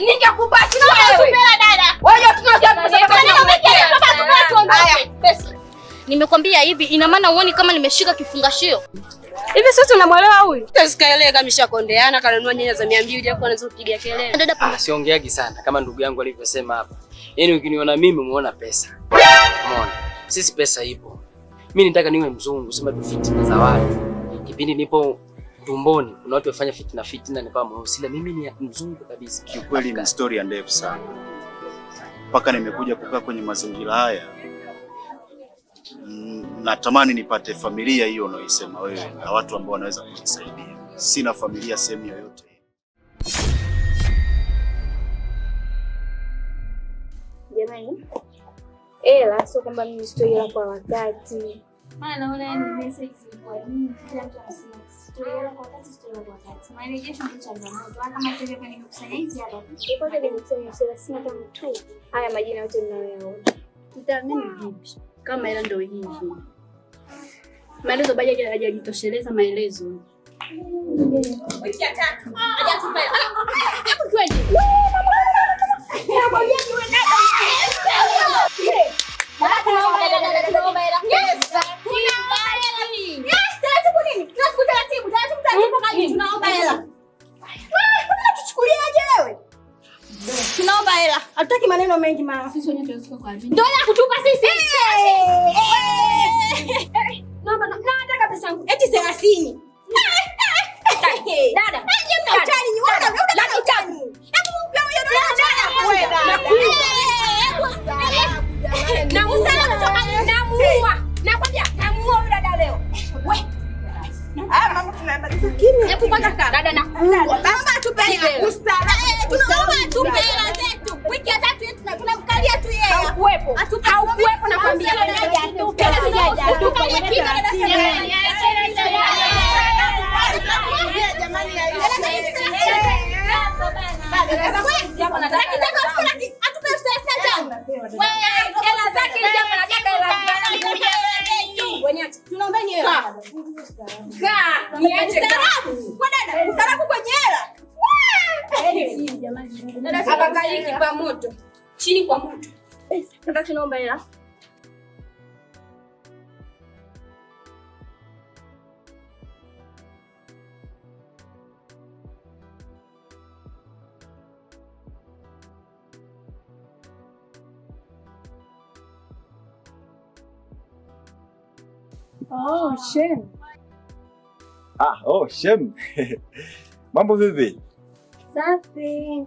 ningekupa nimekwambia hivi, ina maana uoni kama nimeshika kifungashio hivi? Sasa tunamwelewa huyu? Sikaelewi kama ishakondeana kanunua nyanya za 200 hapo anaanza kupiga kelele. Dada ah, siongeagi sana kama ndugu yangu alivyosema hapa. Yaani ukiniona mimi umeona pesa. Umeona? Sisi pesa ipo. Mimi nitaka niwe mzungu, sema tufiti na zawadi. Kipindi nipo tumboni. Kuna watu wafanya fitina fitina, ni kama mweusi, na mimi ni mzungu kabisa. Kiukweli ni historia ndefu sana, mpaka nimekuja kukaa kwenye mazingira haya. Mm, natamani nipate familia hiyo unaoisema wewe na watu ambao wanaweza kunisaidia. Sina familia sehemu yoyote. Jamani, ela sio kwamba mimi historia kwa wakati maana naona ni message zilikuwa nyingi, kila mtu anasema story yako kwa wakati, story yako kwa wakati. Marejesho ni changamoto, hata kama sasa hivi nimekusanya hizi hapa, kwanza nimekusanya thelathini kama tu haya majina yote mnayoyaona, nitaamini vipi kama hela ndio hivi? Maelezo baada ya hajajitosheleza maelezo taratibu taratibu taratibu, kaji tunaomba hela. Tuchukuliaje wewe? Tunaomba hela, hatutaki maneno mengi mama. Sisi wenyewe tunazika kwa ajili. Ndio ya kutupa sisi. Naomba nataka pesa yangu. Eti 30. Haukuwepo nakwambia. se não beijar. Oh, Shem. Ah, oh, Shem. Vamos bebê. Sabe.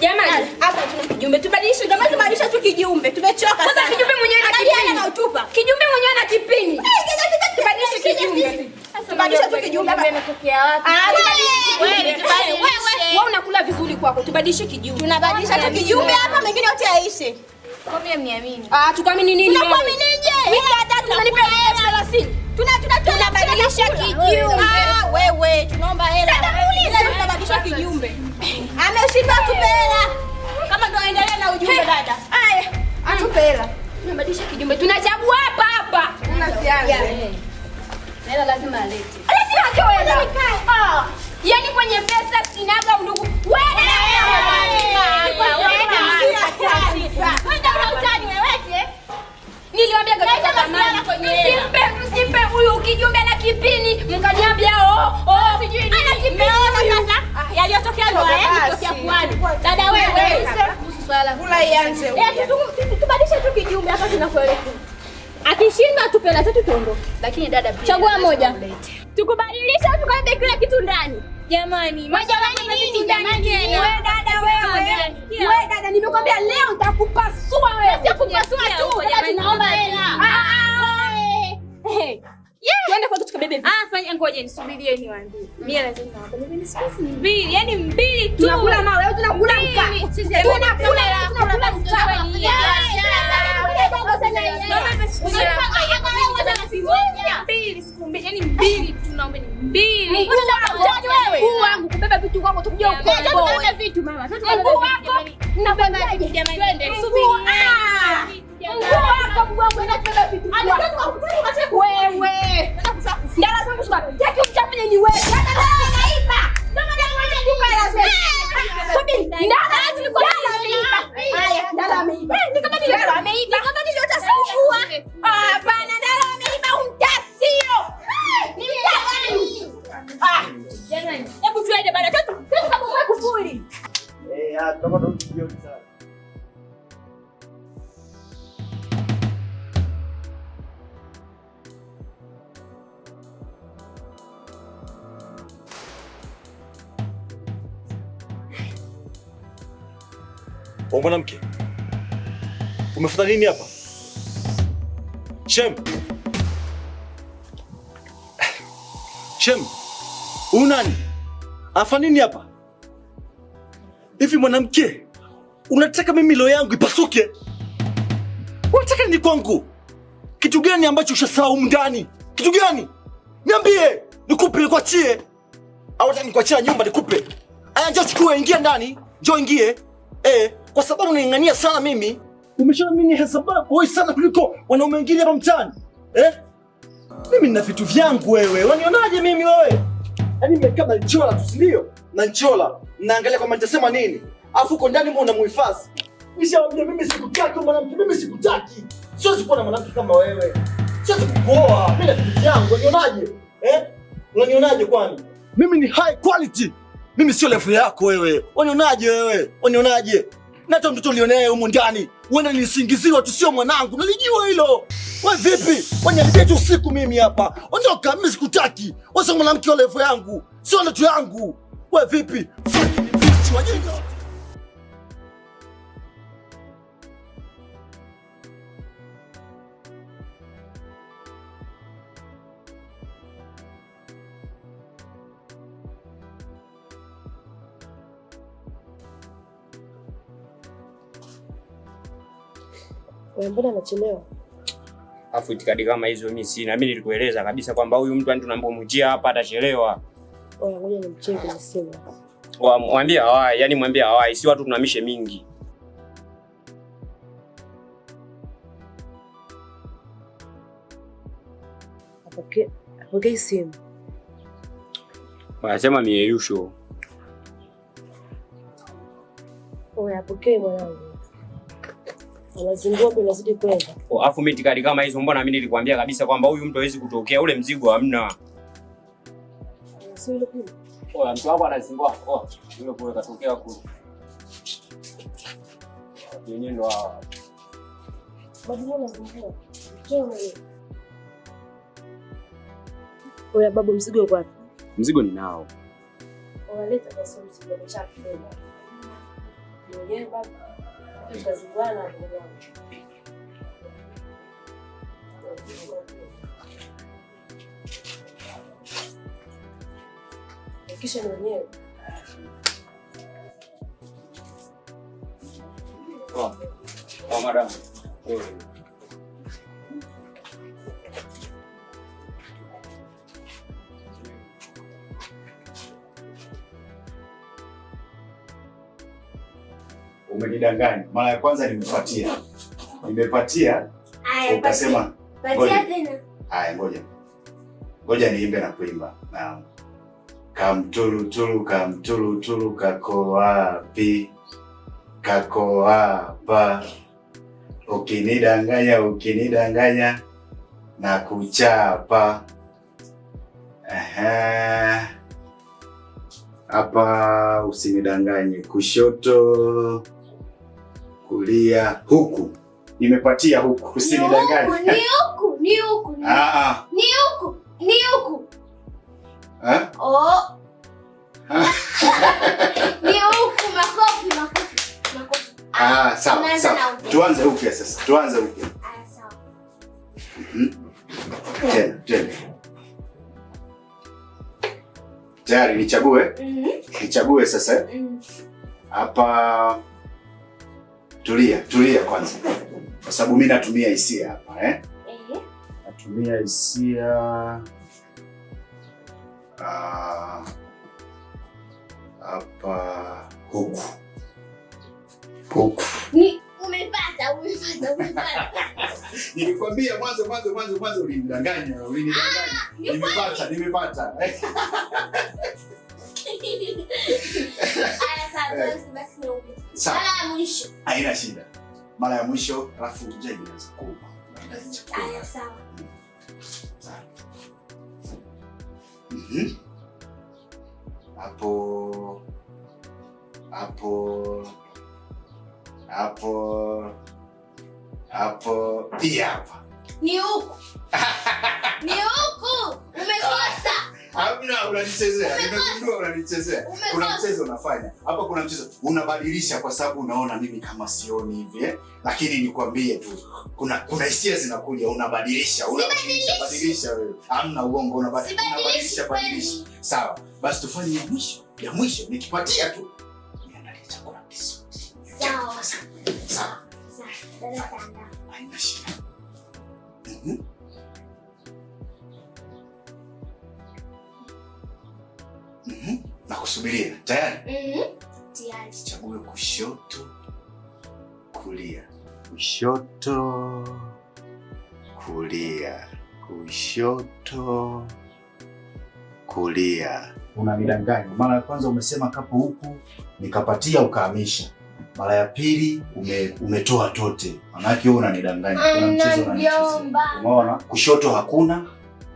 Jamani, hapa tuna kijumbe. Tubadilishe jamani, tubadilishe tu kijumbe. Tumechoka sana. Sasa kijumbe mwenyewe na kipini. Anautupa. Kijumbe mwenyewe na kipini. Tubadilishe kijumbe. Tubadilishe tu kijumbe. Ah, wewe unakula vizuri kwako. Tubadilishe kijumbe. Tunabadilisha tu kijumbe hapa, mengine yote yaishe. Ah, tukuamini nini? Tunakuaminije? Mimi dada tunalipa 30. Tuna tunabadilisha kijumbe. Ah, wewe tunaomba hela kisha kijumbe ameshindwa tupe hela, kama ndo aendelee na ujumbe. Dada haya, atupe hela, Tumebadilisha kijumbe, tunachagua hapa hapa, sianze. hela lazima alete. wewe. Ah. Yaani kwenye pesa sinaga undugu Simpe huyu kijumbe na kipini mkaniambia, oh oh, sijui nini. Anakipeona sasa. hapa ianze eh, tubadilishe tu kijume hapa tunakoelekea. Akishinda tupe na tatu tuondoke. Lakini dada, pia. chagua moja. Tukubadilisha tukaende kila kitu ndani. Jamani, nini wewe dada, wewe. Wewe dada nimekwambia leo nitakupasua wewe. Sikupasua tu, yaani yaani naomba hela. Ah, ah, ah. Eh. Eh. Tuende kwetu tukabebe Ah, fanya ngoja nisubirie niwaambie. Mimi lazima niwaambie. Mimi siku mbili, yani mbili tu. Tunakula mawe, tunakula mkaa. Sisi tunakula tunakula mkaa wewe ni mbili siku mbili, yani mbili tu naomba ni mbili. Mkuu wangu kubeba vitu kwako tukuje huko. Tubebe vitu mama. Mkuu wako nakwambiaje? Twende subiri. Mkuu wako mgongo na tubebe vitu. Anataka wewe. Dala zangu shuka. Jaki uchafu ni wewe. Wewe mwanamke, umefuta nini hapa? Shem. Shem. Unani? Afa nini hapa? Hivi mwanamke, unataka mimi leo yangu ipasuke? Unataka nini kwangu? Kitu gani ambacho ushasahau ndani? Kitu gani? Niambie, nikupe nikuachie? Au unataka nikuachie nyumba nikupe? Aya, njoo chukue, ingia ndani. Njoo ingie. Eh kwa sababu naing'ania sana mimi. Umeshaamini hesabu yako wewe sana kuliko wanaume wengine hapa mtaani eh? Mimi nina vitu vyangu, wewe wanionaje mimi wewe? Yaani mmekaa na nchola tu, si ndio? Na nchola naangalia kwamba nitasema nini, afu uko ndani mbona unamuhifadhi. Nishawambia mimi sikutaki mwanamke, mimi sikutaki, siwezi kuwa na mwanamke kama wewe, siwezi kukuoa. Mimi na vitu vyangu, wanionaje eh? Unanionaje kwani? Mimi ni high quality, mimi sio level yako wewe. Wanionaje wewe, wanionaje? Nata mtoto ulionaye humu ndani wena nisingiziwa tu, sio mwanangu, nalijua hilo. We vipi, wanyalibia tu usiku mimi hapa. Ondoka, mimi sikutaki wasa mwanamke wa levo yangu, sio ndoto yangu. We vipi, fanya vitu wajinga Eh, mbona anachelewa? Afu itikadi kama hizo mimi sina. Mimi nilikueleza kabisa kwamba huyu mtu tunapomjia hapa atachelewa. Oya, ngoja nimcheke kwenye simu. Mwambie hawai, yani mwambie hawai, si watu tunamishe mingi. Apokee okay, simu. Wanasema mieyusho. Oya, apokee mwanangu. Alafu oh, mimi tikadi kama hizo, mbona mimi nilikwambia kabisa kwamba huyu mtu hawezi kutokea, ule mzigo hamna. Oh, oh, Oya babu, mzigo uko wapi? Mzigo ninao. Unaleta basi mzigo mchafu. Ndio baba tukazungana kisha ni wenyewe oh. Oh, madam umenidanganya. Mara ya kwanza nimepatia, nimepatia ukasema haya, ngoja ngoja niimbe na kuimba na kamtulutulu kamtulutulu kako wapi kako wapa, ukinidanganya ukinidanganya na kuchapa hapa, usinidanganye kushoto kulia huku, nimepatia huku, usinidanganye. Ni huku, ni huku, ni huku, ni ah, ah. huku. Ha? Oh. Ni huku, makofi, makofi, makofi. Ah, ah sawa, sawa. Tuanze upya sasa. Tuanze upya. Ah, sawa. Mhm. Tena, tena. Tayari nichague? Mhm. Nichague sasa. Mhm. Hapa Tulia, tulia kwanza, kwa sababu mimi natumia hisia hapa eh? Eh. Natumia hisia uh, hapa huku huku. Ni umepata, umepata, umepata. Nilikwambia mwanzo mwanzo mwanzo mwanzo ulimdanganya, ulinidanganya. Ah, nimepata, nimepata. Haya sasa eh. basi basi haina shida. Mara ya mwisho alafu inaweza kuwa mm-hmm. Mm-hmm. hapo hapo hapo hapo pia hapa ni huku, ni huku umekosa ah. Hamna, unanichezea. Nimegundua unanichezea. Kuna mchezo unafanya. Hapa kuna mchezo unabadilisha kwa sababu unaona mimi kama sioni hivi eh. Lakini nikwambie tu kuna kuna hisia zinakuja unabadilisha, unabadilisha, badilisha wewe. Hamna uongo unabadilisha, unabadilisha, badilisha. Sawa. Basi tufanye ya mwisho. Ya mwisho nikipatia tu. Niandalie chakula kizuri. Sawa. Sawa. Sawa. Sawa. Haina shida. Mhm. Nakusubiria tayari. mm -hmm. Chague kushoto, kulia, kushoto, kulia, kushoto, kulia. Unanidanganya. Mara ya kwanza umesema kapo huku, nikapatia ukahamisha. Mara ya pili ume, umetoa tote. Maanake wewe unanidanganya. Kuna mchezo unanichezea. Umeona? Kushoto hakuna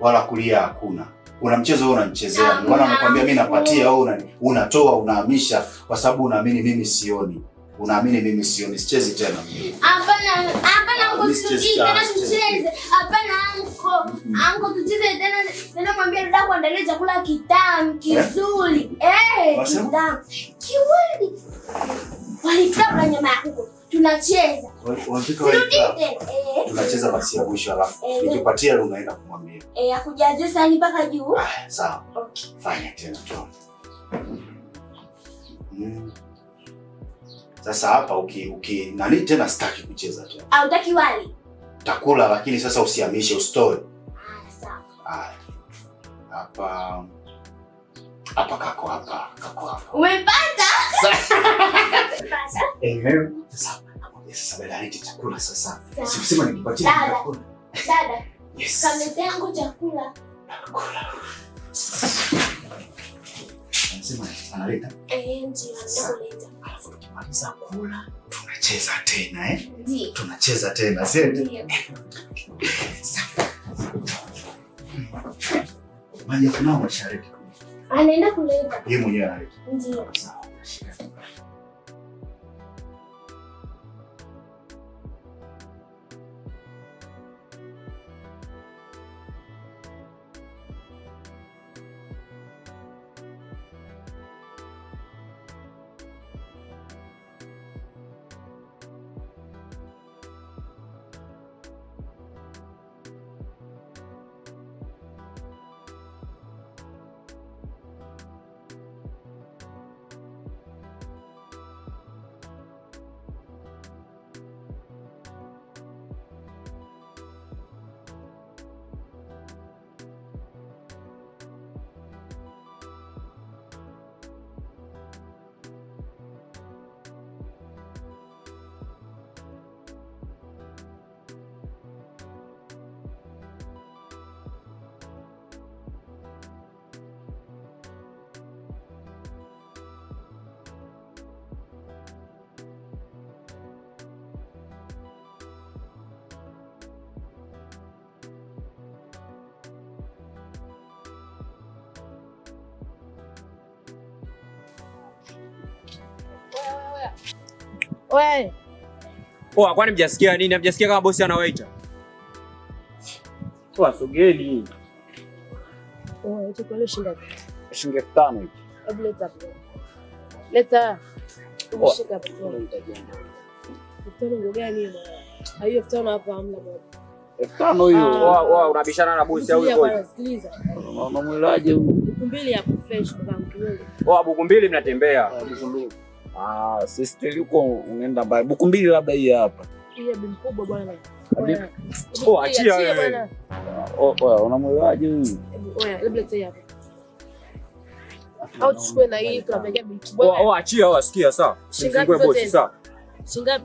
wala kulia hakuna una mchezo wewe unanichezea, ah, maana unakwambia mimi napatia wewe unatoa, unahamisha kwa sababu unaamini mimi sioni, unaamini mimi sioni, sichezi tena. Hapana, hapana, ah, ungo tucheze tena, tucheze. Hapana, ungo, anko tucheze tena. tena mwambie dada kuandalia chakula kitamu eh? kizuri, eh, kitamu kiwani, walitaka nyama ya kuku tunacheza eh. tunacheza basi ya mwisho, alafu eh. nikipatia unaenda kumwambia eh, akujaze sani mpaka juu. Ah, sawa. Okay, fanya tena tu. Mm. Sasa hapa uki uki nani tena, sitaki kucheza tena. Ah, utaki wali takula, lakini sasa usihamishe usitoe. Ah, sawa. Ah, hapa hapa kako hapa kako hapa, umepata. Eh, sasa dada, alete chakula sasa. nikupatie chakula. Dada. Yes. Kamete yangu chakula. Chakula. Anasema analeta. Eh, ndio analeta. Alafu tukimaliza kula, tunacheza tena eh? Ndio. Tunacheza tena, sio? Ndio. Eh. Maji mashariki. Anaenda kuleta. Yeye mwenyewe analeta. Ndio. Sawa. Wewe. Poa, oh, kwani mjasikia nini? mjasikia kama bosi anawaita? Poa, sogeni. Oh, eti kwa shilingi ngapi? Shilingi 5 Hebu leta hapo. Leta. Umeshika hapo. Mtoto gani hiyo? Hiyo mtoto hapa hamna baba. Elfu tano hiyo. Wao ah, ah, ah, unabishana na bosi au yuko? Sikiliza. Unamwelaje huyu? Buku mbili hapo fresh kwa mkiwewe. Wao buku mbili mnatembea. Ah, sister yuko unaenda mbali. Buku mbili labda hii hapa. Hii bi mkubwa oh, bwana. Oh, achia wewe. Oh, unamwelewaje huyu? Oya, labda hapa. Au tuchukue na hii oh, oh, achia wasikia oh, sawa. sawa. zote?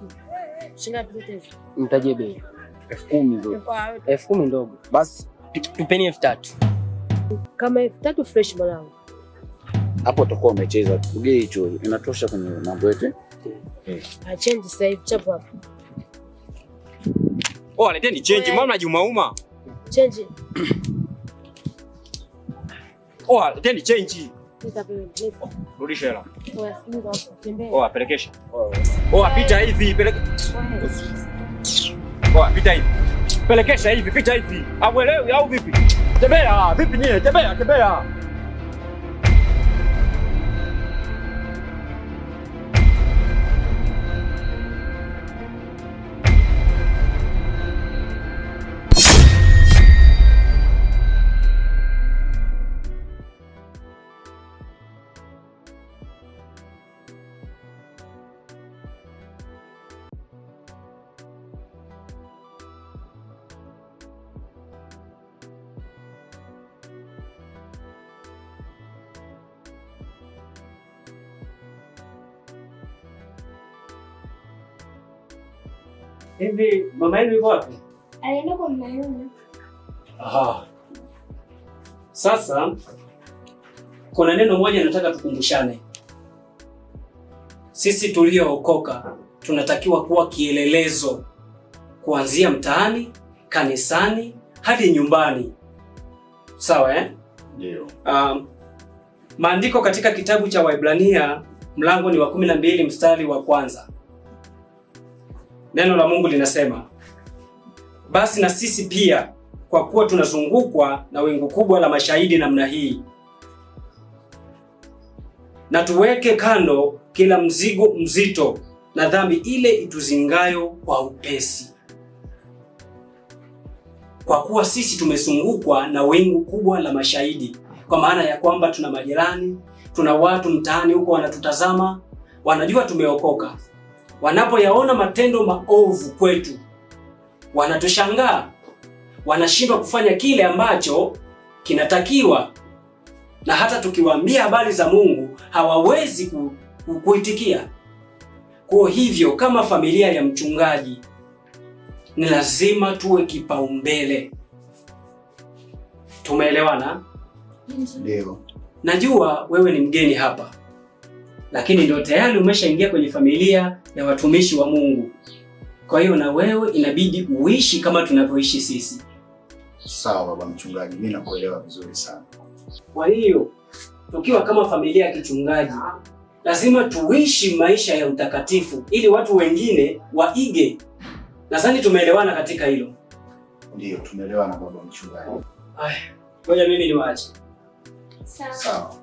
bei. Elfu kumi ndogo. Elfu kumi ndogo. tupeni elfu tatu. Kama elfu tatu fresh mwanangu hapo utakuwa umecheza. Tupige hicho, inatosha kwenye mambo yetu. Eh. Ah, change sasa hivi chapo hapo. Oh, aleteni change, mama najumauma. Change. Oh, aleteni change. Rudisha hela. Oh, apelekesha. Oh, apita hivi, peleka. Oh, apita hivi. Pelekesha hivi, pita hivi. Auelewi au vipi? Tembea, vipi nyie? Tembea, tembea. Hivi mama yenu yuko wapi? Alienda kwa mama yenu. Ah. Sasa kuna neno moja nataka tukumbushane. Sisi tuliookoka tunatakiwa kuwa kielelezo kuanzia mtaani, kanisani hadi nyumbani. Sawa eh? Ndio. Um, maandiko katika kitabu cha Waibrania mlango ni wa 12 mstari wa kwanza Neno la Mungu linasema, basi na sisi pia kwa kuwa tunazungukwa na wingu kubwa la mashahidi namna hii, na tuweke kando kila mzigo mzito na dhambi ile ituzingayo kwa upesi, kwa kuwa sisi tumezungukwa na wingu kubwa la mashahidi, kwa maana ya kwamba tuna majirani, tuna watu mtaani huko wanatutazama, wanajua tumeokoka wanapoyaona matendo maovu kwetu, wanatushangaa, wanashindwa kufanya kile ambacho kinatakiwa, na hata tukiwaambia habari za Mungu hawawezi kuitikia. Kwa hivyo kama familia ya mchungaji ni lazima tuwe kipaumbele. Tumeelewana? Ndio. Najua wewe ni mgeni hapa lakini ndio tayari umeshaingia kwenye familia ya watumishi wa Mungu. Kwa hiyo na wewe inabidi uishi kama tunavyoishi sisi. Sawa baba mchungaji, mimi nakuelewa vizuri sana. Kwa hiyo tukiwa kama familia ya kichungaji lazima tuishi maisha ya utakatifu ili watu wengine waige. Nadhani tumeelewana katika hilo. Ndiyo, tumeelewana baba mchungaji. Haya, ngoja mimi niwaache. Sawa. Sawa.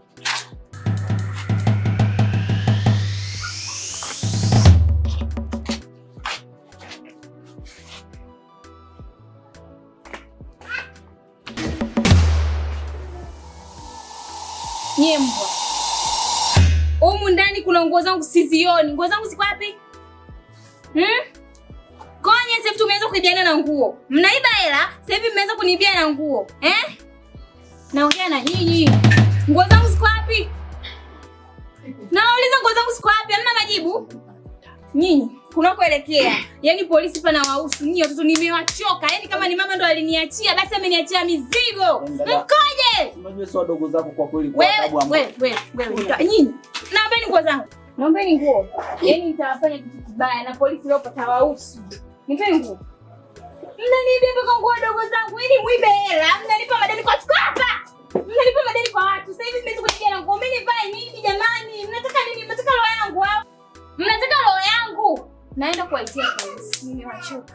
mbwa. humu ndani kuna nguo zangu sizioni. Nguo zangu ziko wapi? Hmm? Konye sasa tumeanza kuibiana na nguo. Mnaiba hela, sasa hivi mmeanza kunibia na nguo. Eh? Naongea na nyinyi. Nguo zangu ziko wapi? Nauliza nguo zangu ziko wapi? Hamna majibu. Nyinyi kunakoelekea. Yaani polisi pana wahusu nyie watoto, nimewachoka. Yaani kama ni mama ndo aliniachia, basi ameniachia mizigo. Mkoje? Unajua sio wadogo zako kwa kweli kwa sababu wewe wewe wewe. Nyinyi, naombeni nguo zangu. Naombeni nguo. Yaani nitawafanya kitu kibaya na polisi leo patawahusu. Nipeni nguo. Mnanibeba kwa nguo dogo zangu ili yaani mwibe hela. Mnanipa madeni kwa chukua hapa. Mnalipa madeni kwa watu. Sasa hivi mmeweza kuja na nguo. Mimi nivae nini jamani? Mnataka nini? Mnataka roho yangu au? Mnataka roho yangu? Naenda kuwaitia polisi. Nimewachoka.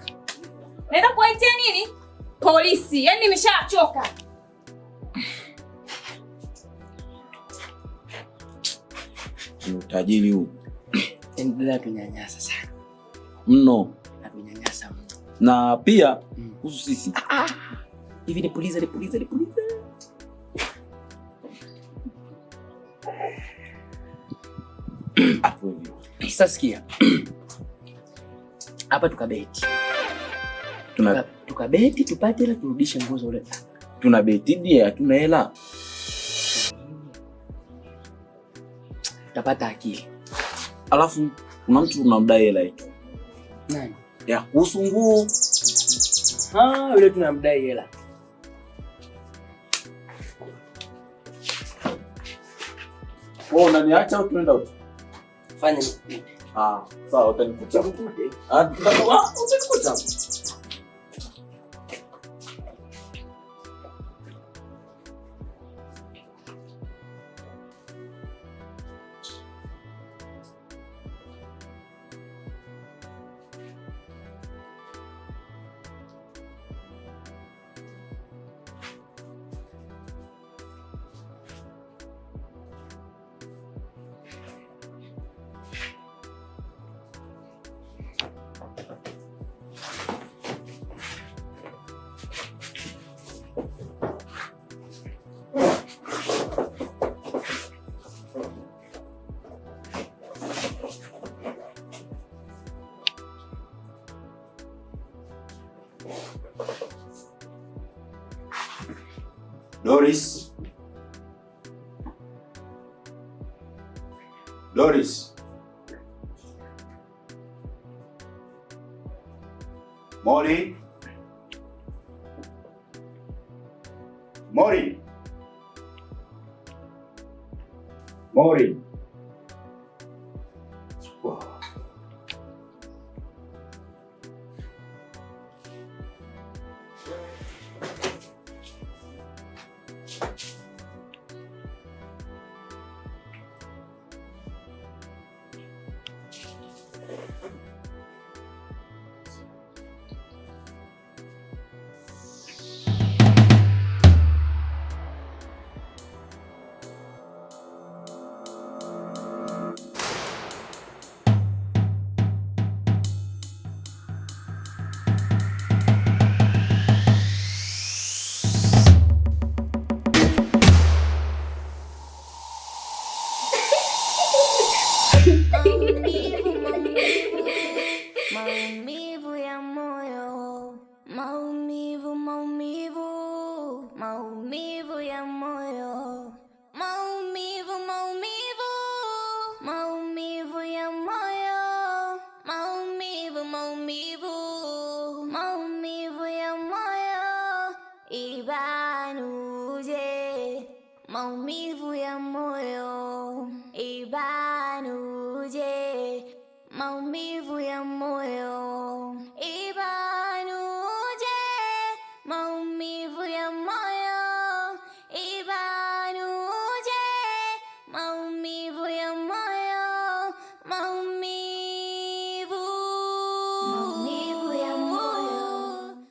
Naenda kuwaitia nini? Polisi. Yaani nimeshachoka. Utajiri huu. Endelea atunyanyasa sana. Mno. Atunyanyasa mno. Na pia mm. kuhusu sisi. Ah, ah. Hivi ni polisi, ni polisi, ni polisi. Sasa sikia hapa tukabeti tuna... tukabeti tupate hela turudishe nguo za ule. Tuna beti die, hatuna hela. Tapata akili. Alafu kuna mtu tunamdai hela yetu. Nani? Ya kuhusu nguo. Ah, yule tunamdai hela. Wewe unaniacha au tunaenda huko? Fanya nini? ああ、さあ、お手にこちゃん。あ、だから、あ、お手にこちゃん。Loris. Loris.